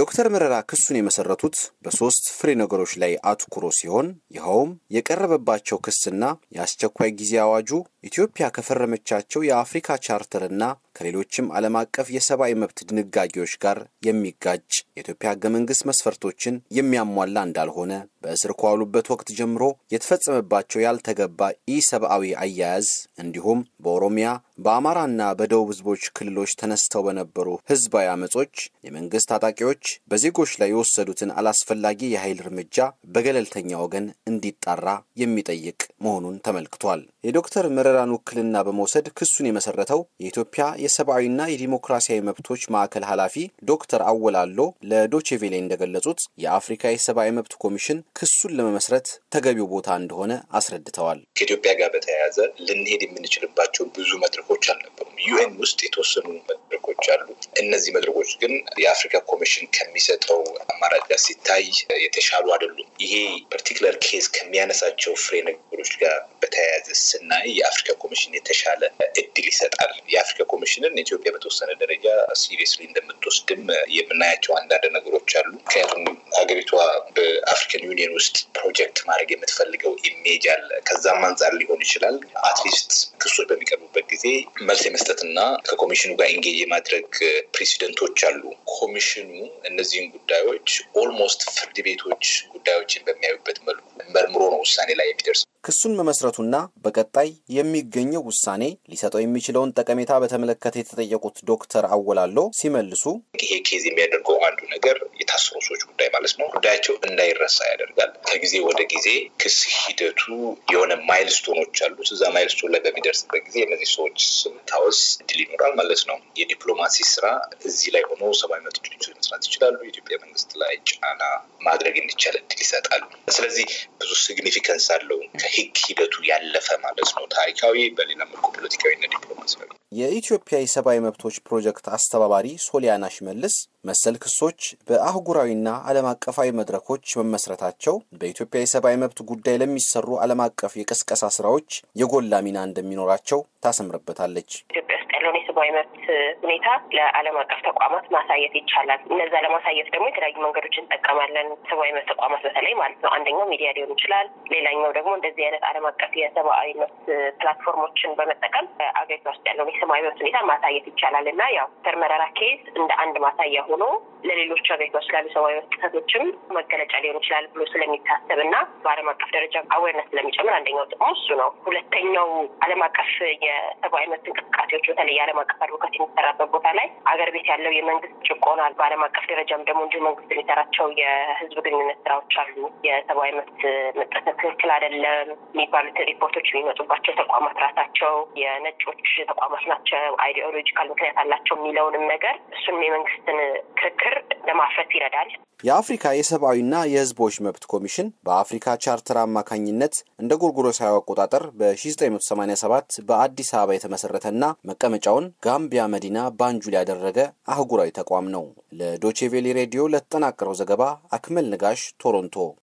ዶክተር መረራ ክሱን የመሰረቱት በሶስት ፍሬ ነገሮች ላይ አትኩሮ ሲሆን ይኸውም የቀረበባቸው ክስና የአስቸኳይ ጊዜ አዋጁ ኢትዮጵያ ከፈረመቻቸው የአፍሪካ ቻርተርና ከሌሎችም ዓለም አቀፍ የሰብአዊ መብት ድንጋጌዎች ጋር የሚጋጭ የኢትዮጵያ ህገ መንግስት መስፈርቶችን የሚያሟላ እንዳልሆነ በእስር ከዋሉበት ወቅት ጀምሮ የተፈጸመባቸው ያልተገባ ኢሰብአዊ አያያዝ እንዲሁም በኦሮሚያ በአማራና በደቡብ ህዝቦች ክልሎች ተነስተው በነበሩ ህዝባዊ አመጾች የመንግስት ታጣቂዎች በዜጎች ላይ የወሰዱትን አላስፈላጊ የኃይል እርምጃ በገለልተኛ ወገን እንዲጣራ የሚጠይቅ መሆኑን ተመልክቷል። የዶክተር መረራን ውክልና በመውሰድ ክሱን የመሰረተው የኢትዮጵያ የሰብአዊና የዲሞክራሲያዊ መብቶች ማዕከል ኃላፊ ዶክተር አወላሎ አሎ ለዶቼቬሌ እንደገለጹት የአፍሪካ የሰብአዊ መብት ኮሚሽን ክሱን ለመመስረት ተገቢው ቦታ እንደሆነ አስረድተዋል። ከኢትዮጵያ ጋር በተያያዘ ልንሄድ የምንችልባቸው ብዙ መድረኮች አልነበሩም። ዩኤን ውስጥ የተወሰኑ መድረኮች አሉ። እነዚህ መድረኮች ግን የአፍሪካ ኮሚሽን ከሚሰጠው አማራጭ ጋር ሲታይ የተሻሉ አይደሉም። ይሄ ፐርቲኩለር ኬዝ ከሚያነሳቸው ፍሬ ነገሮች ጋር በተያያዘ ስናይ የአፍሪካ ኮሚሽን የተሻለ እድል ይሰጣል። የአፍሪካ ኮሚሽንን ኢትዮጵያ በተወሰነ ደረጃ ሲሪየስሊ እንደምትወስድም የምናያቸው አንዳንድ ነገሮች አሉ። ምክንያቱም ሀገሪቷ በአፍሪካን ዩኒየን ውስጥ ፕሮጀክት ማድረግ የምትፈልገው ኢሜጅ አለ። ከዛም አንጻር ሊሆን ይችላል አትሊስት ክሶች በሚቀርቡበት ጊዜ መልስ የመስጠትና ከኮሚሽኑ ጋር ኢንጌጅ የማድረግ የማድረግ ፕሬዚደንቶች አሉ። ኮሚሽኑ እነዚህን ጉዳዮች ኦልሞስት ፍርድ ቤቶች ጉዳዮችን በሚያዩበት መልኩ መርምሮ ነው ውሳኔ ላይ የሚደርስ። ክሱን መመስረቱና በቀጣይ የሚገኘው ውሳኔ ሊሰጠው የሚችለውን ጠቀሜታ በተመለከተ የተጠየቁት ዶክተር አወላሎ ሲመልሱ ይሄ ኬዝ የሚያደርገው አንዱ ነገር የታሰሩ ሰዎች ጉዳይ ማለት ነው። ጉዳያቸው እንዳይረሳ ያደርጋል። ከጊዜ ወደ ጊዜ ክስ ሂደቱ የሆነ ማይልስቶኖች አሉት። እዛ ማይልስቶን ላይ በሚደርስበት ጊዜ እነዚህ ሰዎች ስምታወስ እድል ይኖራል ማለት ነው። የዲፕሎማሲ ስራ እዚህ ላይ ሆኖ ሰብአዊ መብት ድርጅቶች መስራት ይችላሉ። የኢትዮጵያ መንግስት ላይ ጫና ማድረግ እንዲቻል እድል ይሰጣል። ስለዚህ ብዙ ሲግኒፊከንስ አለው። ከህግ ሂደቱ ያለፈ ማለት ነው። ታሪካዊ፣ በሌላ መልኩ ፖለቲካዊና ዲፕሎማሲያዊ። የኢትዮጵያ የሰብአዊ መብቶች ፕሮጀክት አስተባባሪ ሶሊያና ሽመልስ መሰል ክሶች በአህጉራዊና ዓለም አቀፋዊ መድረኮች መመስረታቸው በኢትዮጵያ የሰብአዊ መብት ጉዳይ ለሚሰሩ ዓለም አቀፍ የቀስቀሳ ስራዎች የጎላ ሚና እንደሚኖራቸው ታሰምርበታለች። ኢትዮጵያ የሰብአዊ መብት ሁኔታ ለዓለም አቀፍ ተቋማት ማሳየት ይቻላል። እነዛ ለማሳየት ደግሞ የተለያዩ መንገዶች እንጠቀማለን። ሰብአዊ መብት ተቋማት በተለይ ማለት ነው። አንደኛው ሚዲያ ሊሆን ይችላል። ሌላኛው ደግሞ እንደዚህ አይነት ዓለም አቀፍ የሰብአዊ መብት ፕላትፎርሞችን በመጠቀም አገሪቷ ውስጥ ያለውን የሰብአዊ መብት ሁኔታ ማሳየት ይቻላል እና ያው ተር ኬስ እንደ አንድ ማሳያ ሆኖ ለሌሎች ሀገሪቷ ስላሉ ሰብአዊ መብት ጥሰቶችም መገለጫ ሊሆን ይችላል ብሎ ስለሚታሰብ እና በዓለም አቀፍ ደረጃ አዌርነት ስለሚጨምር አንደኛው ጥቅሙ እሱ ነው። ሁለተኛው ዓለም አቀፍ የሰብአዊ መብት እንቅስቃሴዎች በተለይ የዓለም አቀፍ አድቮካት የሚሰራበት ቦታ ላይ አገር ቤት ያለው የመንግስት ጭቆናል በዓለም አቀፍ ደረጃም ደግሞ እንዲሁ መንግስት የሚሰራቸው የህዝብ ግንኙነት ስራዎች አሉ። የሰብአዊ መብት መጠሰት ትክክል አይደለም የሚባሉት ሪፖርቶች የሚመጡባቸው ተቋማት ራሳቸው የነጮች ተቋማት ናቸው፣ አይዲኦሎጂካል ምክንያት አላቸው የሚለውንም ነገር እሱንም የመንግስትን ክርክር ችግር ለማፍረት ይረዳል። የአፍሪካ የሰብአዊና የህዝቦች መብት ኮሚሽን በአፍሪካ ቻርተር አማካኝነት እንደ ጎርጎሮሳዊ አቆጣጠር በ1987 በአዲስ አበባ የተመሰረተና መቀመጫውን ጋምቢያ መዲና ባንጁል ያደረገ አህጉራዊ ተቋም ነው። ለዶቼቬሌ ሬዲዮ ለተጠናቀረው ዘገባ አክመል ንጋሽ ቶሮንቶ